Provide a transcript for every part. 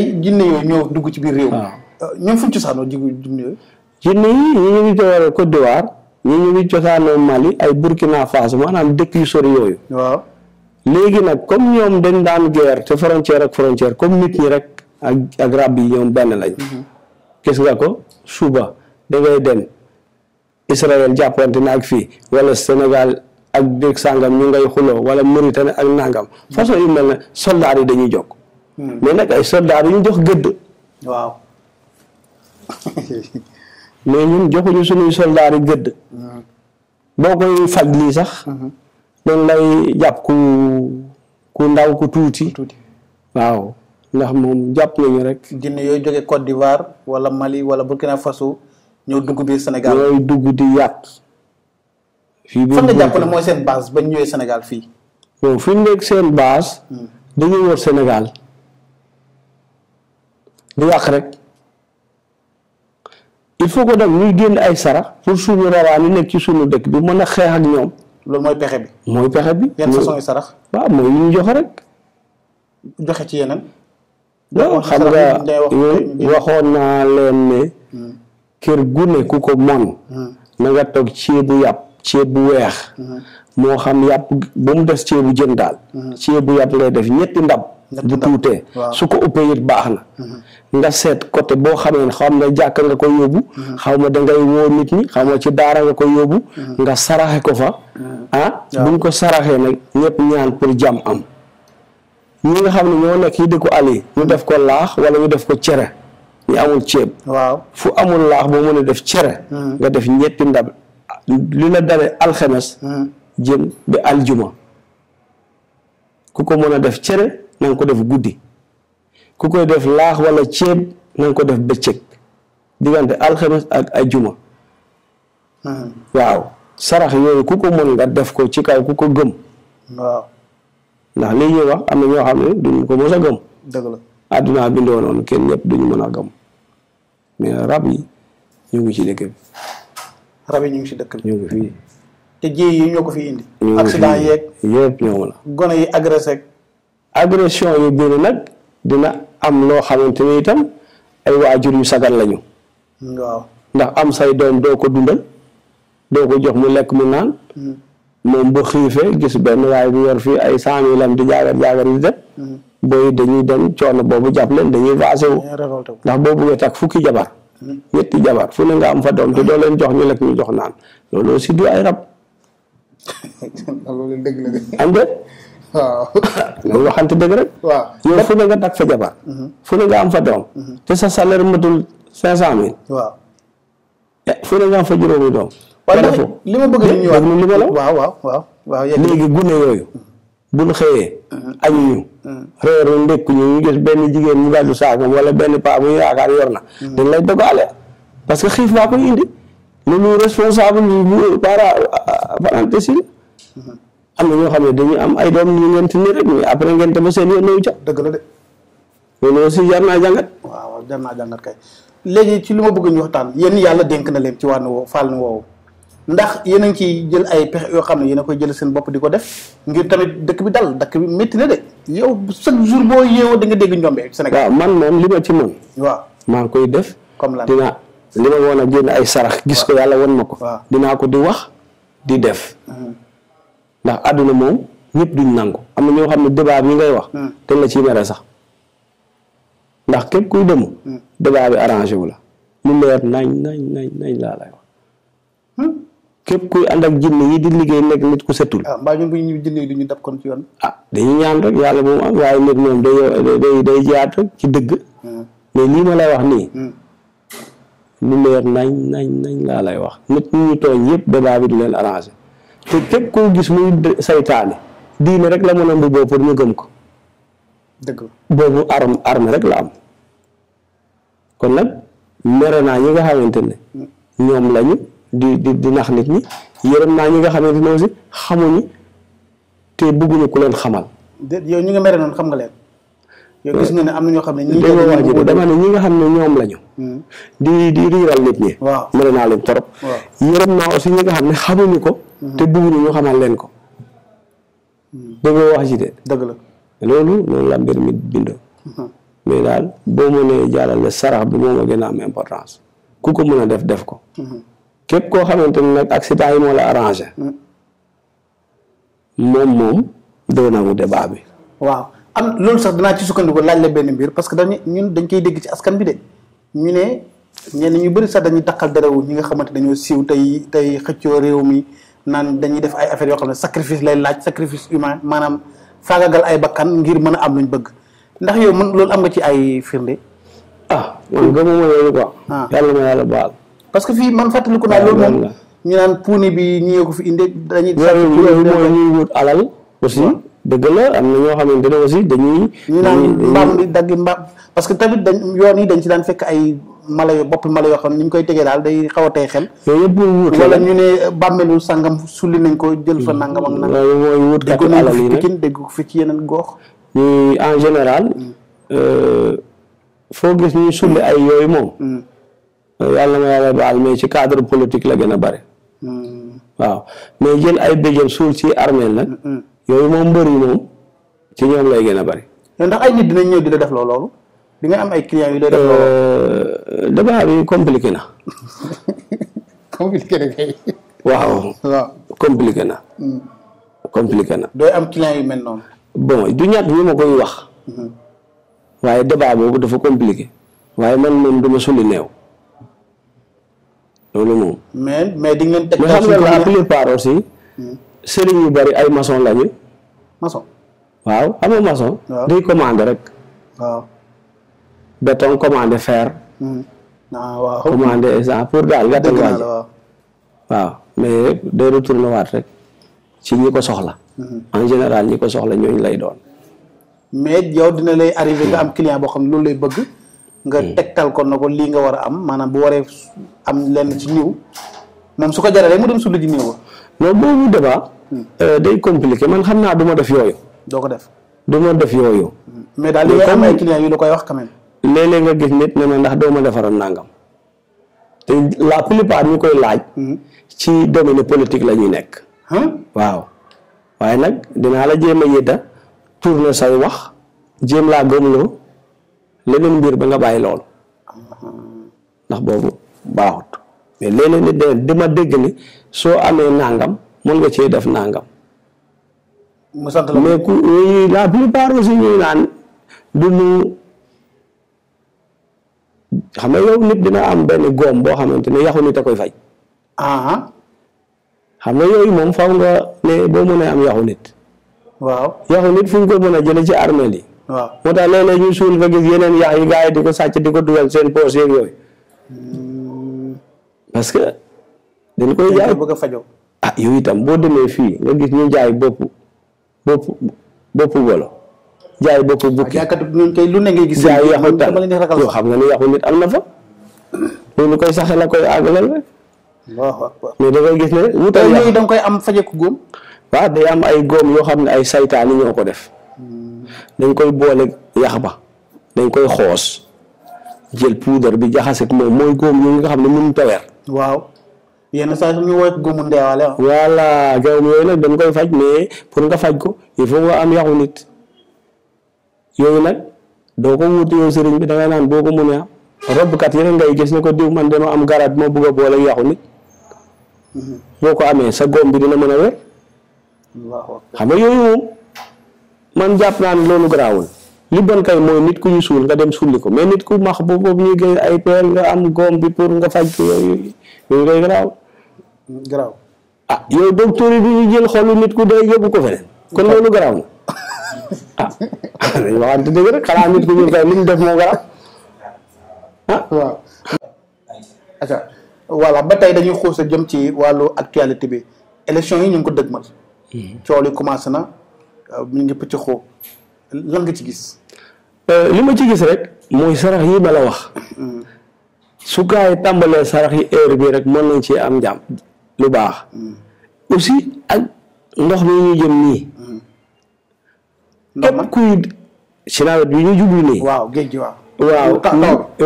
tey jinne yooyu ñoo dugg ci biir réew mi. waaw ah. euh, ñoom fu ñu cosaanoo jigu jinne yooyu. jinne yi ñu ngi jógee Côte d'Ivoire ñu ngi cosaanoo Mali ay Burkina Faso maanaam dëkk yu sori yooyu. waaw léegi nag comme ñoom dañ daan guerre te frontière ak frontière comme nit ñi rek ak ak yi ñoom benn lañ. Mhm. gis nga ko suba dangay dem Israël jàppante na ak fii wala Sénégal. ak dëkk sàngam ñu ngay xuloo wala Mauritanie ak nangam façon yu mel ne soldaar yi dañuy jokk Hmm. mais nag ay soldats yu ñu jox gëdd. waaw. mais ñun joxuñu suñuy soldats yi gëdd. Hmm. boo koy faj lii sax. Hmm. dañ lay jàpp ku ku ndaw ku tuuti. waaw ndax moom jàpp nañu rek. jinn yooyu jógee Côte d'Ivoire wala Mali wala Burkina Faso ñëw dugg biir Sénégal. yooyu dugg di yàq. fii fan nga jàpp ne mooy seen base ba ñu ñëwee Sénégal fii. seen base. dañuy Sénégal. bu yàq rek il faut que nag ñuy génn ay sarax pour suñu rawaan nekk ci suñu dëkk bi mën a xeex ak ñoom. loolu mooy pexe bi. mooy pexe bi. yan sarax. waaw mooy yu ñu joxe rek. joxe ci yeneen. non xam nga waxoon naa leen ne. Hmm. kër gune ku ko mon hmm. na nga toog ceebu yàpp ceeb bu weex. Hmm. moo xam yàpp bu mu des bu jën daal. bu yàpp lay def ñetti ndab. bu tuutee su ko ëppee it baax na mhm. nga seet côté boo xamee ne xam nga jàkka nga koy yóbbu mhm. ma da ngay woo nit ñi xaw ma ci daara nga mhm. nga saraxe ko fa ah buñ ko saraxee nag ñëpp ñaan pour jàmm am ñi nga xam ne ñoo nekk yi dëkku ali ñu def ko laax wala ñu def ko cere ñu amul ceeb waaw fu amul laax boo mën a def cere nga def ñetti ndab li la dalee alxemes jëm ba aljuma ku ko mën a def cere na ko def guddi ku koy def laax walla ceeb na ko def bëccëg diggante alxemes ak juma hmm. waaw sarax yooyu ku ko mën nga def ko ci kaw ku ko gëm waaw ndax lii ñuy wax am na ñoo xam ne duñu ko mos a gëm dëgg la àdduna bindoo noonu kenn ñëpp duñu mën a gëm rab yi ñu ngi ci dëkk bi rab yi ñu ngi ci dëkk bi ñu ngi fii te jéey yi ñoo ko fi indi accident yeeg yëpp ñoo la gone yi agressé agression yu bëri nag dina am loo xamante ni itam ay waajur yu sagan lañu. waaw ndax am say doom doo ko dundal doo ko jox mu lekk mu naan. Mm. moom bu xiifee gis benn waaye bu yor fii ay cent mille am di jaagar jaagar yi dem. Mm. booy dañuy dem coono boobu jàpp leen dañuy vaase wu. ndax boo bëggee takk fukki jabar. Mm. ñetti jabar fu ne nga am fa doom te doo leen jox ñu lekk ñu jox naan loolu aussi du ay rab. loolu de. waaw loolu waxante dëgg rek. waaw yow fu ne nga takk fa jabar. fu ne nga am fa doom. te sa salaire matul cinq cent mille. waaw. fu ne nga am fa juróomi doom. waaw li ma bëgg a ñëwaat ma la waaw waaw léegi gune yooyu. buñ xëyee. añuñu. réeru ndekkuñu ñu gis benn jigéen mu gàddu saakam wala benn paa bu yaakaar yor na. dañ lay dogaale parce que xiif naa ko indi. loolu responsable bi bu para parenthèse am na ñoo xam ne dañuy am ay doom ñu ngent ni rek mais après ngente seen yoon ñëw ca. dëgg la de. loolu aussi jar waaw jar naa jàngat léegi ci li ma bëgg ñu waxtaan yéen yàlla dénk na leen ci wàllu woowu fànn woowu ndax yéen a ngi ciy jël ay pexe yoo xam ne yéen a koy jël seen bopp di ko def ngir tamit dëkk bi dal dëkk bi métti na de yow chaque jour boo yeewoo da nga dégg njombe Sénégal. waaw man moom li ma ci mën. waaw maa ngi koy def. comme lan dinaa li ma woon a génn ay sarax. gis ko yàlla won ma ko. dinaa ko di wax di def. Mm-hmm. ndax àdduna moom ñëpp duñ nangu am na ñoo xam ne débat bi ngay wax. Hmm. dañ la ciy mere sax képp kuy dem. Hmm. débat bi arrangé wu la mu leer nañ nañ nañ nañ hmm. kuy ànd ak jinne di liggéey nekk nit ku setul. ah mbaa ñu jinne yi du ñu dab ci yoon. ah dañuy ñaan rek yàlla moom am waaye nit moom day day day jaat ci dëgg. mais lii ma lay wax nii. mu leer nañ nañ nañ laa lay wax nit ñi ñu tooñ yëpp débat bi du leen arrangé. te képp koo gis muy seytaane diine rek la mën a mbubboo pour ñu gëm ko dëgg boobu arme arme rek la am kon nag mere naa ñi nga xamante ne ñoom lañu di di di nax nit ñi yërëm naa ñi nga xamante ne aussi xamuñu te bëgguñu ku leen xamal. yow ñu nga mere noonu xam nga leen. yow gis nga ne am na ñoo xam ne ñii déggoo wax ji dama ne ñi nga xam ne ñoom lañu hmm. di di riiral nit ñi waaw mën naa leen torop yërëm naa aussi ñi nga xam ne xamuñu ko hmm. te bëgguñu ñu xamal leen ko hmm. déggoo wax ji de la loolu loolu la mbir mi bindoo mais daal boo mënee jàllale sarax bi moom a gën a am importance ku ko mën a def def ko képp koo xamante ne nag accident yi moo la arrangé moom moom doo nangu débat bi am lool sax dana ci sukkandiku laaj la benn mbir parce que dañ ñun dañ koy dégg ci askan bi de ñu ne ñenn ñu bëri sax dañuy takkal derewu ñi nga xamante dañoo siiw tey tey xëccoo réew mi naan dañuy def ay affaire yoo xam ne sacrifice lay laaj sacrifice humain maanaam faagagal ay bakkan ngir mën a am luñ bëgg ndax yow mën loolu am nga ci ay firnde ah man gëmuma loolu quoi ah. yàlla ma yàlla baal parce que fii man fàttaliku naa loolu moom ñu naan puuni bi ñi ko fi inde dañuy mooy ñuy wut alal aussi hmm? dëgg la am na ñoo xamante ne aussi dañuy. ñu naan mbaam di dagg mbaam parce que tamit dañ yoon yi dañ ci daan fekk ay mala yo bopp mala yoo xam ne ni ñu koy tegee daal day xaw a tey xel. yooyu ñu ne bàmmeelu sangam sulli nañ ko jël fa nangam ak nangam. loolu mooy wut kàttu alal yi nag dégg ko fi en général. Mm. Euh, gis ñuy sulli ay yooyu moom. Mm. Euh, yàlla ma yàlla baal mais ci cadre politique la gën a bare. Mm. waaw mais jël ay béjjén suul ci armée nag. yooyu mom mbër mom ci ñoom lay gëna bari. ndax ay nit dinañ ñëw di def loolu di nga am ay client yu lay def loolu. Euh, dafa bi compliqué na. compliqué kay. waaw. waaw compliqué na. Hmm. compliqué na. dooy am client yu mel non bon du ñatt ñu ma koy wax. Hmm. waaye débat boobu dafa compliqué. waaye man moom duma sulli neew. loolu moom. mais mais di ngeen teg. xam nga la plupart aussi. Hmm. sëriñ yu bari ay maçon lañu. maçon waaw xam nga maçon. commande commandé rek. waaw béton commandé fer. Hmm. Ah, exemple pour daal gàttal waaw. waaw mais day retourné waat rek ci ñi ko soxla. Hmm. en général ñi ko soxla ñooñu lay doon. mais yow dina lay arrivé nga hmm. am client boo xam ne loolu lay bëgg. nga tegtal ko na ko lii nga war a am maanaam bu waree am lenn ci niw moom su ko jaree rek mu dem su lu ji non boobu débat hmm. euh, day compliqué man xam naa du ma def yooyu. doo ko def du ma def yooyu. Hmm. mais daal li am koy wax quand même. léeg nga gis nit ne ma ndax doo ma defaral nangam te la plupart ñu koy laaj. Hmm. ci domaine politique la ñuy nekk. waaw waaye nag dinaa la jéem a yedda tourner say wax jéem laa gëmloo leneen mbir ba nga bàyyi loolu ah. ndax boobu baaxut. mais léeg ni de dama dégg ni so amé nangam mën nga ci def nangam. mu sant la mais ku la plupart aussi ñu nan du ñu xamé yow nit dina am ben gom bo xamanteni ne ni takoy a koy fay. xam nga yooyu mom faaw nga ne bo mënee am yaxu nit. waaw yaxu nit fu ñu ko mëna jël ci armée yi. waaw mo ta léeg ñu sul ba gis yenen yax yi gaay diko di diko duwel di ko dugal seen parce que dañ koy jaay bëgg a ah yow itam boo demee fii nga gis ñu jaay bopp bopp bopp golo jaay bopp bukki ah, lu ne ngay gis jaay yaxu yoo xam nga ni yaxu nit am na fa loolu koy saxe la koy àggalal rek mais da ngay gis ne wutal yooyu da koy am fajeku góom waaw day am ay góom yoo xam ne ay saytaani ñoo ko def hmm. dañ koy boole yax ba dañ koy xoos jël puudar bi jaxaseeg moom mooy góom yooyu nga xam ne mënut a waaw. yenn saa yi ñu woowee góomu ndeewaale ah. voilà jaww yooyu nag dañ koy faj mais pour nga faj ko il faut nga am yaxu nit yooyu nag doo ko wuti yow sëriñ bi da naan boo ko mënee am ah. robkat yeneen ngay gis ne ko diw man dama am garab ma bëgg a boole ak yaxu nit mm-hmm. boo ko amee sa góom bi dina mën a wér. xam nga yooyu moom man jàpp naa ne loolu garaawul. li bon kay mooy nit ku ñu suul nga dem sulli ko mais nit ku max boobu boobu ñuy génn ay peel nga am goom bi pour nga faj ko yooyu yooyu day garaaw. garaaw ah yow docteur yi du jël xolu nit ku dee yóbbu ko feneen. kon loolu garaaw na ah dañu waxante dëgg rek xanaa ñu def moo garaaw ah waaw. ba tey dañuy xuus a jëm ci wàllu actualité bi élection yi ñu ngi ko dëgmal. Hmm. coow li commencé na euh, ñu ngi pëcc xoo lan nga ci gis. Euh, lima ci gis rek moy sarax yi ba wax su kay tambale sarax yi heure bi rek mën nañ ci am jam lu bax aussi ak ndox mi ñu jëm ni ndox ku ci nawet bi ñu jublu ni waaw géej waaw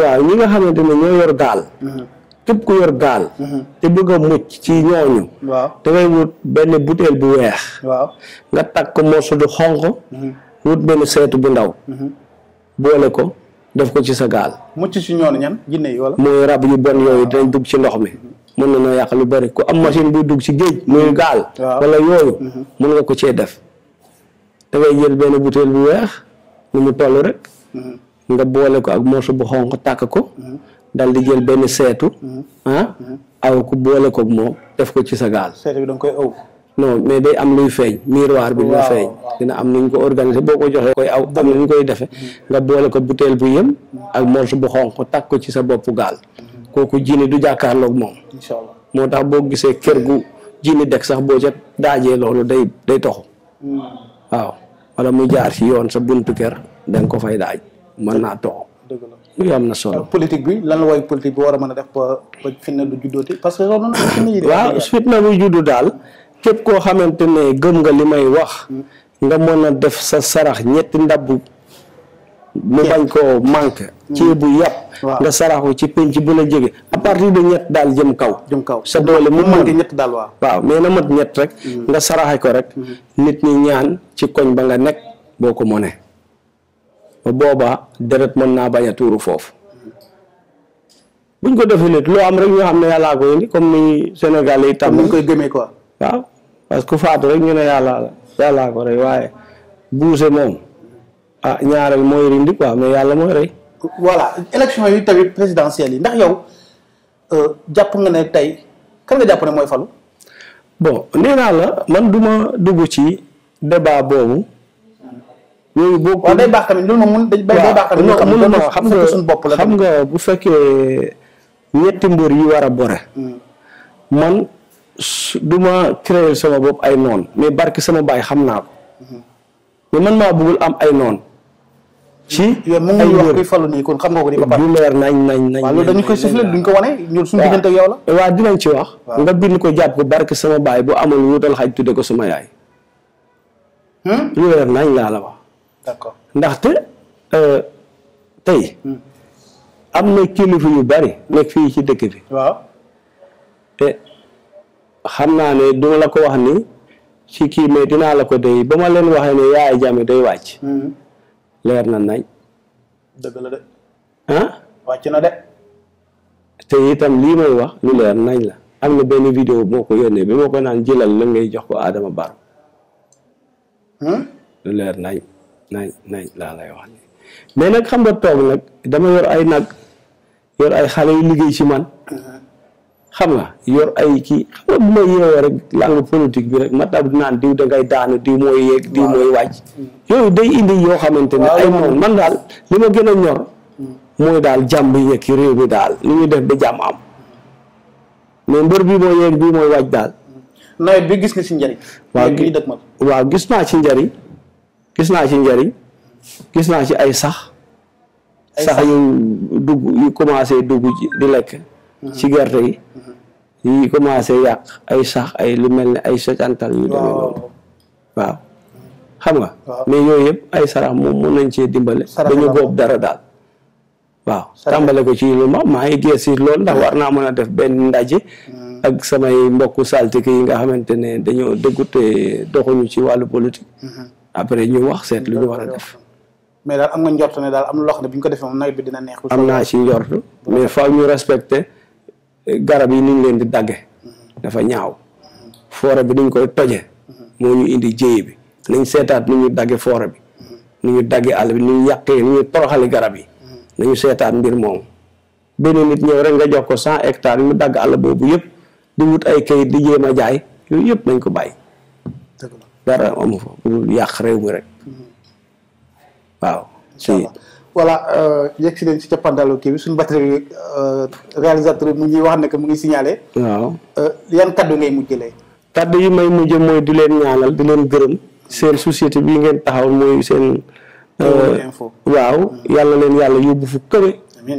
waaw ñi nga xamante ñoo yor dal mhm. kep ku yor dal mhm. te bëgg mucc ci ñooñu waaw ngay wut benn bouteille bu weex waaw nga tak takk morso du xonko mhm. wut benn seetu bu ndaw boole ko def ko ci sa gaal. si ñoon ñan jinne yi wala. mooy rab yu bon yooyu dinañ dugg ci ndox mi. mën na noo yàq lu bëri ku am machine buy dugg ci géej. muy mm-hmm. gaal. wala yooyu. mën mm-hmm. nga ko cee def. dangay jël benn butéel bu weex nu mu toll rek. Mm-hmm. nga boole ko ak morso bu xonq tàkk ko. dal di jël benn seetu. ah aw ko boole ko moom def ko ci sa gaal. seetu bi da koy aw. non mais day am luy feeñ miroir bi luy feeñ dina am niñ ko organiser boko joxe koy aw am niñ koy defé mm-hmm. nga boole ko bouteille bu yëm ak morceau bu xonko tak ko ci sa bop gal mm-hmm. koku jini du jàkkaarloog mom inshallah motax bo gisé kër gu jini dek sax bo ca dajé lolu day day tox mm-hmm. waaw wala mu jaar ci yoon sa buntu kër dang ko fay daj man na toxu yooyu am amna solo politique bi lan la way politique bi wara mëna def ba fitna du juddoti parce que loolu noonu fitna yi waaw fitna bu juddu dal képp koo xamante ne gëm nga li may wax nga mën a def sa sarax ñetti ndab mu bañ koo manque mm. ceebu yàpp nga saraxu ci penc bu la jege à de ñett daal jëm kaw jëm kaw sa doole mu manque ñett na mat ñett rek mm. nga saraxe ko rek mm-hmm. nit ñi ñaan ci koñ ba nga boo ko mënee booba deret mën naa bañ a tuuru foofu buñ ko defee nit loo am rek ñoo xam ne yàllaa ko indi comme ni Sénégal yi tam. koy gëmee quoi waaw parce que faatu rek ñu ne yàllaa la yàllaa ko rey waaye buuse moom ah ñaareel mooy rindi quoi mais yàlla mooy rey. voilà élection yi tamit présidentielles yi ndax yow euh, jàpp nga ne tey kan jàpp ne mooy falu. bon nee naa la man du ma dugg ci débat boobu. yooyu boo ko waaw day baax tamit loolu moom day baax tamit waaw xam nga suñu bopp la xam nga bu fekkee ñetti mbër yi war a bore. Hmm. man du ma créer sama bopp ay noon mais barke sama baay xam naa ko mais man maa bëggul am ay noon ci yow mu ngi wax kuy falu nii kon ko ni leer nañ nañ nañ waaw loolu dañu koy sifle duñ ko wane ñun suñu diggante ak yow dinañ ci wax nga bind ko jàpp ko barke sama baay bu amul wutal xaj tudde ko sama yaay hmm? lu leer nañ laa la wax d'accord ndaxte euh, tey hmm. am na kilifa yu bari nekk fii ci dëkk bi waaw xam naa ne duma la ko wax ni ci kii mais dinaa la ko day ba ma leen waxee ne yaay jàmme day wàcc. Hmm. leer na nañ. dëgg la de. ah. wàcc na de. te itam lii may wax lu leer nañ la am na benn vidéo boo ko yónnee bi ma ko naan jëlal la ngay jox ko Adama Barrow. Hmm? lu leer nañ nañ nañ laa lay wax mais nag xam nga toog nag dama yor ay nag yor ay xale yu liggéey ci man. Hmm. xam nga yor ay ki xam nga bu ma yeewoo rek langue politique bi rek ma dab naan diw da ngay daanu diw moy yek diw moy wacc yoy day indi yo xamanteni ay moom man dal lima gëna ñor moy dal jamm yek rew bi dal réew li def bi jamm am mais mbeur bi mooy yek bi moy wacc dal nay bi gis nga ci njariñ ma wa gis na ci njariñ gis na ci njariñ gis na ci ay sax sax yu dugg yu commencé dugg di lekk ci gerte yi mhm. yi commencé yàq ay sax ay lu mel ne ay sekantal yu demee noonu waaw xam nga mais yooyu yëpp ay sarax moom mën nañ cee dimbale dañu góob dara daal waaw tàmbale ko ci lu ma maa ngi gees si loolu ndax war naa mën a def benn ndaje mhm. ak samay mbokku saltiki yi nga xamante ne dañoo dëggu doxuñu ci wàllu politique mhm. après ñu wax seet lu ñu war a def mais daal am nga njort ne daal am na loo xam ne bu ñu ko defee moom nawet bi dina neex am naa ci njort mais faaw ñu respecter garab yi ñu leen di dagge dafa ñaaw forêt bi niñ koy toje moo ñu indi jéye bi nañ seetaat nu ñu dagge forêt bi ni ñu dagge àll bi nu ñu yàqee nu ñu toroxali garab yi nañu seetaat mbir moom beneen nit ñëw rek nga jox ko cent hectares mu dagg àll boobu yëpp di wut ay kayit di jéem a jaay yooyu yëpp nañ ko bàyyi dara amu fa yàq réew mi rek mm-hmm. waaw voilà euh, yegg si leen si cappandalu kii bi suñu batterie bi euh, réalisateur bi mu ngi wax ne que mu ngi signalé. waaw euh, yan kaddu ngay mujjëlee. kaddu yi may mujj mooy di leen ñaanal di leen gërëm seen société bii ngeen taxaw waaw mm. yàlla leen yàlla yóbbu fu këwe. amiin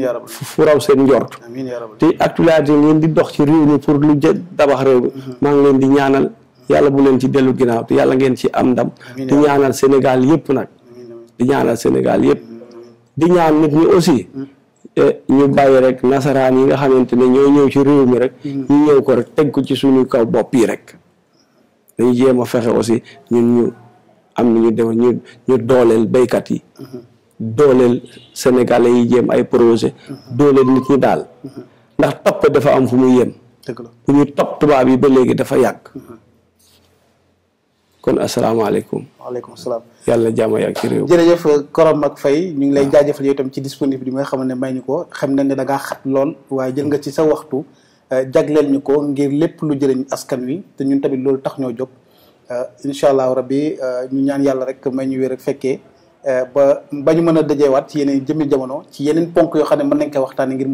fu raw seen njort. amiin yaa rabbi te actualité ngeen di dox ci réew mi pour lu jë dabax réew mm-hmm. maa ngi leen di ñaanal yàlla bu leen ci dellu ginnaaw te yàlla ngeen ci am ndam. di ñaanal Sénégal yëpp nag. di ñaanal Sénégal yëpp. di ñaan nit ñi aussi mm. eh, ñu bàyyi rek nasaraan yi nga xamante ne ñoo ñëw ci réew mi rek mm. ñu ñëw ko rek teg ko ci suñu kaw bopp yi rek dañu jéem a fexe aussi ñun ñu am na ñu def ñu ñu dooleel béykat yi mm-hmm. dooleel sénégalais yi jéem ay projet mm-hmm. dooleel nit ñi daal mm-hmm. ndax topp dafa am fu muy yem bu ñu topp tubaab yi ba léegi dafa yàgg kon asalaamaaleykum. waaleykum salaam. yàlla na jàmm ak ci réew. jërëjëf Korom ak fay ñu ngi lay jaajafal yow itam ci disponible bi nga xam ne may ñu ko xam nañ ne da ngaa xat lool waaye jël nga ci sa waxtu euh, jagleel ñu ko ngir lépp lu jëriñ askan wi te ñun tamit loolu tax ñoo jóg euh, incha allah rabbi euh, ñu ñaan yàlla rek may ñu wér ak fekkee ba ñu mën a dajeewaat ci yeneen jëmmi jamono ci yeneen ponk yoo xam ne mën nañ koy waxtaanee ngir mu.